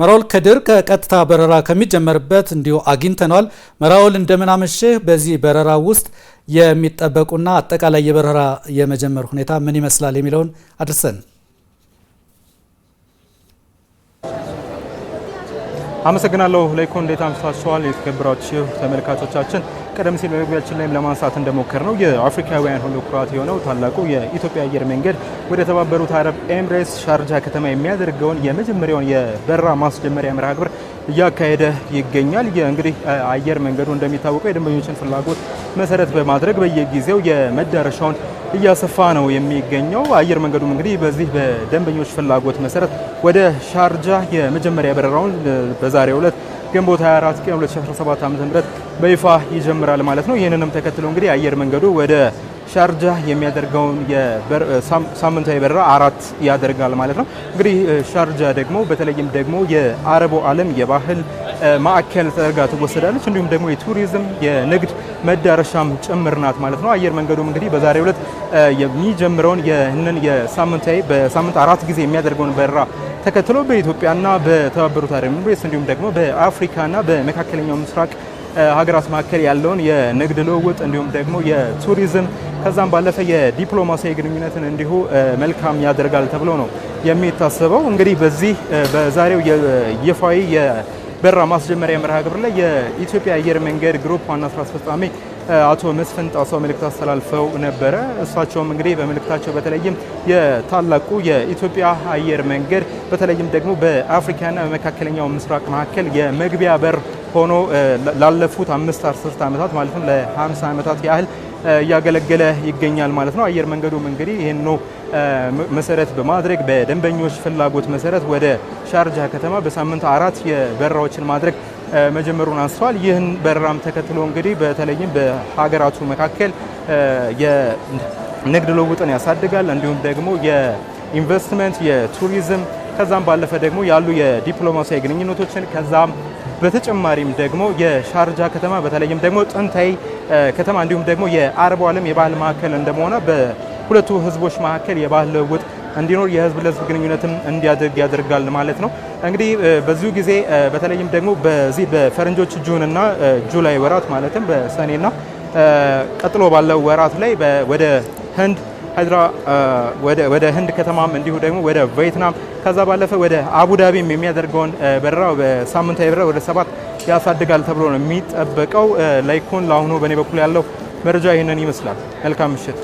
መራውል ከድር ከቀጥታ በረራ ከሚጀመርበት እንዲሁ አግኝተነዋል። መራውል እንደምናመሽህ። በዚህ በረራ ውስጥ የሚጠበቁና አጠቃላይ የበረራ የመጀመር ሁኔታ ምን ይመስላል የሚለውን አድርሰን። አመሰግናለሁ ላይኮ። እንዴት አምስታችኋል የተከበራችሁ ተመልካቾቻችን? ቀደም ሲል በመግቢያችን ላይም ለማንሳት እንደሞከር ነው የአፍሪካውያን ሁሉ ኩራት የሆነው ታላቁ የኢትዮጵያ አየር መንገድ ወደ ተባበሩት አረብ ኤምሬትስ ሻርጃ ከተማ የሚያደርገውን የመጀመሪያውን የበራ ማስጀመሪያ መርሃ ግብር እያካሄደ ይገኛል። እንግዲህ አየር መንገዱ እንደሚታወቀው የደንበኞችን ፍላጎት መሰረት በማድረግ በየጊዜው የመዳረሻውን እያሰፋ ነው የሚገኘው። አየር መንገዱም እንግዲህ በዚህ በደንበኞች ፍላጎት መሰረት ወደ ሻርጃ የመጀመሪያ በረራውን በዛሬው ዕለት ግንቦት 24 ቀን 2017 ዓ.ም በይፋ ይጀምራል ማለት ነው። ይህንንም ተከትሎ እንግዲህ አየር መንገዱ ወደ ሻርጃ የሚያደርገውን ሳምንታዊ በረራ አራት ያደርጋል ማለት ነው። እንግዲህ ሻርጃ ደግሞ በተለይም ደግሞ የአረቡ ዓለም የባህል ማዕከል ተደርጋ ትወሰዳለች። እንዲሁም ደግሞ የቱሪዝም የንግድ መዳረሻም ጭምር ናት ማለት ነው። አየር መንገዱም እንግዲህ በዛሬው ዕለት የሚጀምረውን ይህንን የሳምንታዊ በሳምንት አራት ጊዜ የሚያደርገውን በረራ ተከትሎ በኢትዮጵያና በተባበሩት አረብ ኤምሬትስ እንዲሁም ደግሞ በአፍሪካና በመካከለኛው ምስራቅ ሀገራት መካከል ያለውን የንግድ ልውውጥ እንዲሁም ደግሞ የቱሪዝም ከዛም ባለፈ የዲፕሎማሲያዊ ግንኙነትን እንዲሁ መልካም ያደርጋል ተብሎ ነው የሚታሰበው። እንግዲህ በዚህ በዛሬው ይፋዊ በራ ማስጀመሪያ መርሃ ግብር ላይ የኢትዮጵያ አየር መንገድ ግሩፕ ዋና ስራ አስፈጻሚ አቶ መስፍን ጣሰው መልእክት አስተላልፈው ነበረ። እሳቸውም እንግዲህ በመልእክታቸው በተለይም የታላቁ የኢትዮጵያ አየር መንገድ በተለይም ደግሞ በአፍሪካና በመካከለኛው ምስራቅ መካከል የመግቢያ በር ሆኖ ላለፉት አምስት አስርት ዓመታት ማለትም ለ50 ዓመታት ያህል እያገለገለ ይገኛል ማለት ነው። አየር መንገዱም እንግዲህ ይህን ነው መሰረት በማድረግ በደንበኞች ፍላጎት መሰረት ወደ ሻርጃ ከተማ በሳምንት አራት የበረራዎችን ማድረግ መጀመሩን አንስተዋል። ይህን በረራም ተከትሎ እንግዲህ በተለይም በሀገራቱ መካከል የንግድ ልውውጥን ያሳድጋል እንዲሁም ደግሞ የኢንቨስትመንት የቱሪዝም ከዛም ባለፈ ደግሞ ያሉ የዲፕሎማሲያዊ ግንኙነቶችን ከዛም በተጨማሪም ደግሞ የሻርጃ ከተማ በተለይም ደግሞ ጥንታዊ ከተማ እንዲሁም ደግሞ የአረቡ ዓለም የባህል ማዕከል እንደመሆነ በሁለቱ ህዝቦች መካከል የባህል ልውውጥ እንዲኖር የህዝብ ለህዝብ ግንኙነትም እንዲያደርግ ያደርጋል ማለት ነው። እንግዲህ በዚሁ ጊዜ በተለይም ደግሞ በዚህ በፈረንጆች ጁንና ጁላይ ወራት ማለትም በሰኔና ቀጥሎ ባለው ወራት ላይ ወደ ህንድ ወደ ህንድ ከተማም እንዲሁ ደግሞ ወደ ቬትናም ከዛ ባለፈ ወደ አቡዳቢም የሚያደርገውን በረራ በሳምንታዊ በረራ ወደ ሰባት ያሳድጋል ተብሎ ነው የሚጠበቀው። ላይኮን ለአሁኑ በእኔ በኩል ያለው መረጃ ይህንን ይመስላል። መልካም ምሽት።